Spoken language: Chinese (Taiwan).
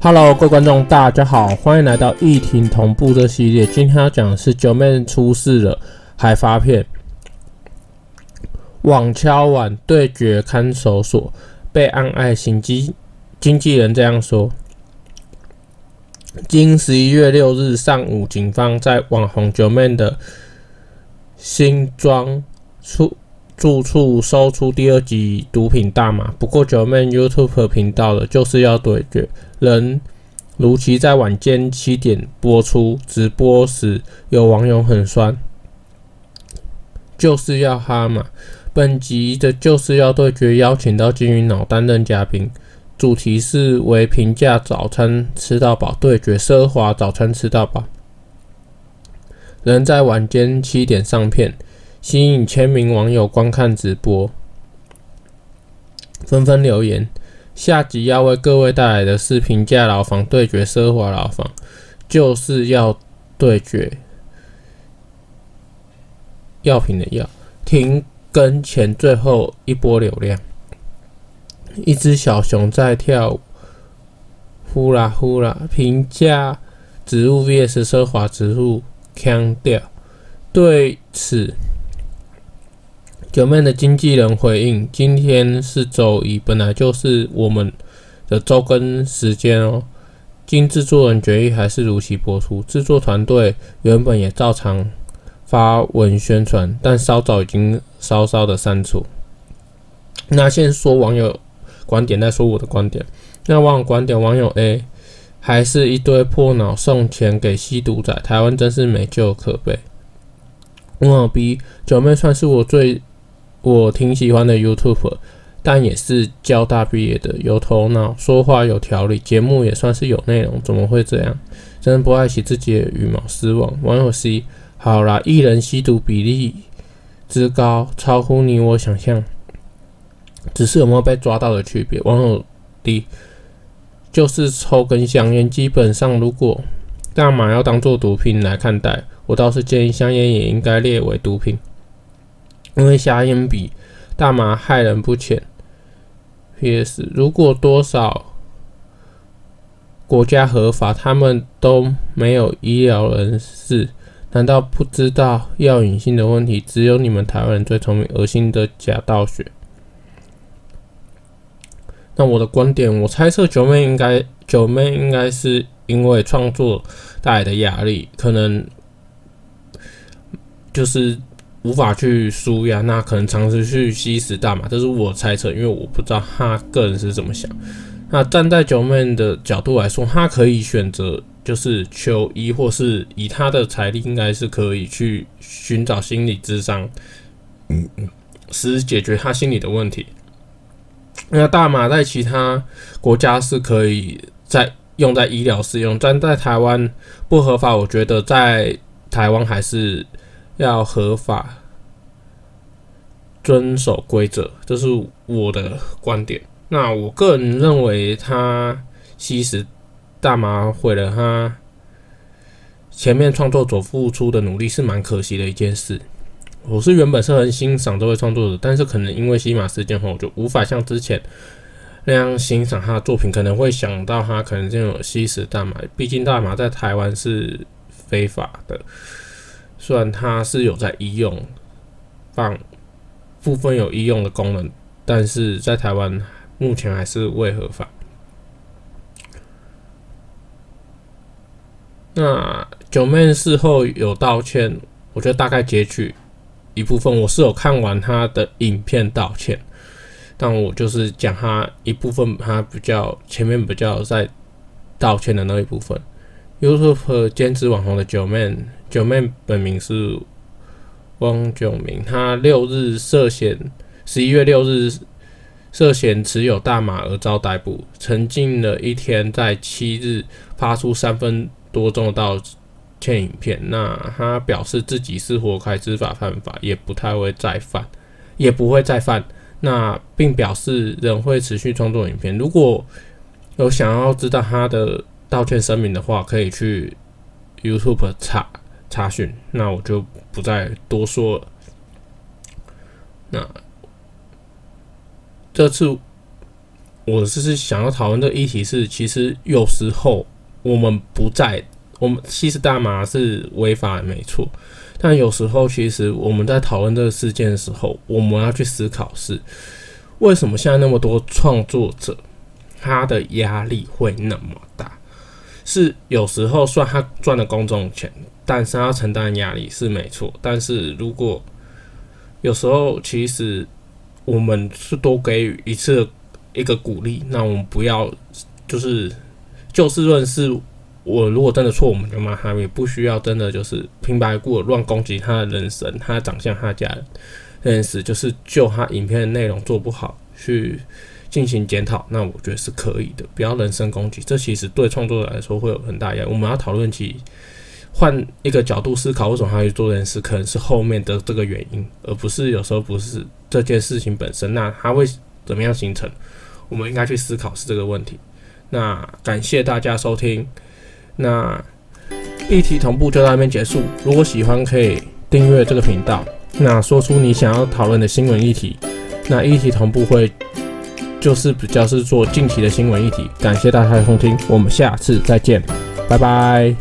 Hello，各位觀眾，大家好，歡迎來到議題同步這系列。今天要講的是 Joeman 出事了，還發片，網敲碗對決看守所，被按愛心經經紀人這樣說。今十一月六日上午，警方在網紅 Joeman 的新裝出住處搜出第二級毒品大麻，不過 Joeman YouTube 頻道的就是要對決仍如期在晚間七點播出。直播時，有網友很酸，就是要哈麻。本集的就是要對決，邀請到金魚腦擔任嘉賓，主題是為平價早餐吃到飽對決奢華早餐吃到飽，仍在晚間七點上片。吸引千名網友觀看直播，紛紛留言。下集要為各位帶來的是平價牢房對決奢華牢房，就是要對決藥品的藥。停更前最後一波流量，一只小熊在跳舞，呼啦呼啦。平價植物 vs 奢華植物，腔調對此。九妹的經紀人回應：“今天是周一，本來就是我們的周更時間哦。經制作人決議，還是如期播出。制作團隊原本也照常發文宣傳，但稍早已經稍稍的刪除。”那先說網友觀點，再說我的觀點。那網友觀點，網友 A 還是一堆破腦送錢給吸毒仔，台灣真是沒救可悲。網友 B，九妹算是我最，我挺喜歡的 YouTuber，但也是交大畢業的，有頭腦，說話有條理，節目也算是有內容，怎麼會這樣？真不愛惜自己的羽毛，失望。網友 C：好啦，藝人吸毒比例之高，超乎你我想象，只是有沒有被抓到的區別。網友 D：就是抽根香菸，基本上如果幹嘛要當做毒品來看待？我倒是建議香菸也應該列為毒品。因為瞎眼比大麻害人不淺，PS 如果多少國家合法，他們都沒有醫療人士，難道不知道藥癮性的問題？只有你們台灣人最聰明，噁心的假道學。那我的觀點，我猜測 Joeman 應該，Joeman 應該是因為創作帶來的壓力，可能就是。無法去紓壓，那可能嘗試去吸食大麻。這是我猜測，因為我不知道他個人是怎麼想。那站在 Joeman 的角度來說，他可以選擇就是求醫，或是以他的財力，應該是可以去尋找心理諮商。嗯嗯，是解決他心理的問題。那大麻在其他國家是可以在用在醫療使用，但在台灣不合法，我覺得在台灣還是。要合法遵守規則，這是我的觀點。那我個人認為，他吸食大麻毀了他前面創作所付出的努力，是蠻可惜的一件事。我是原本是很欣賞這位創作者，但是可能因為吸馬時事件後，我就無法像之前那樣欣賞他的作品，可能會想到他可能就有吸食大麻，畢竟大麻在台灣是非法的。雖然它是有在醫用，但部分有醫用的功能，但是在台灣目前還是未合法。那 Joeman 事後有道歉，我就大概截取一部分，我是有看完他的影片道歉，但我就是講他一部分，他比較前面比較在道歉的那一部分。YouTube 和兼職網紅的 Joeman。九妹本名是翁九明，他六日涉嫌十一月六日涉嫌持有大麻而遭逮捕，沉寂了一天，在七日發出三分多鐘的道歉影片。那他表示自己是活該知法犯法，也不太會再犯，也不會再犯。那並表示仍會持續創作影片。如果有想要知道他的道歉聲明的話，可以去 YouTube 查。查詢，那我就不再多說了。那這次我就是想要討論這個議題是，其實有時候我們不在，我們吸食大麻是違法的，沒錯，但有時候其實我們在討論這個事件的時候，我們要去思考是為什麼現在那麼多創作者他的壓力會那麼大。是有時候算他賺了公眾錢，但是他承擔壓力是沒錯。但是如果有時候其實我們是多給予一次一個鼓勵，那我們不要就是就事論事。我如果真的錯，我們就罵他，也不需要真的就是平白無故亂攻擊他的人生、他的長相、他家人。認識就是就他影片的內容做不好去。進行檢討，那我覺得是可以的，不要人身攻擊，這其實對創作者來說會有很大壓力。我們要討論，其換一個角度思考，為什麼他要去做這件事，可能是後面的這個原因，而不是有時候不是這件事情本身。那他會怎麼樣形成？我們應該去思考是這個問題。那感謝大家收聽，那議題同步就到這邊結束。如果喜歡，可以訂閱這個頻道。那說出你想要討論的新聞議題，那議題同步會。就是比較是做近期的新聞議題，感謝大家的收聽，我們下次再見，拜拜。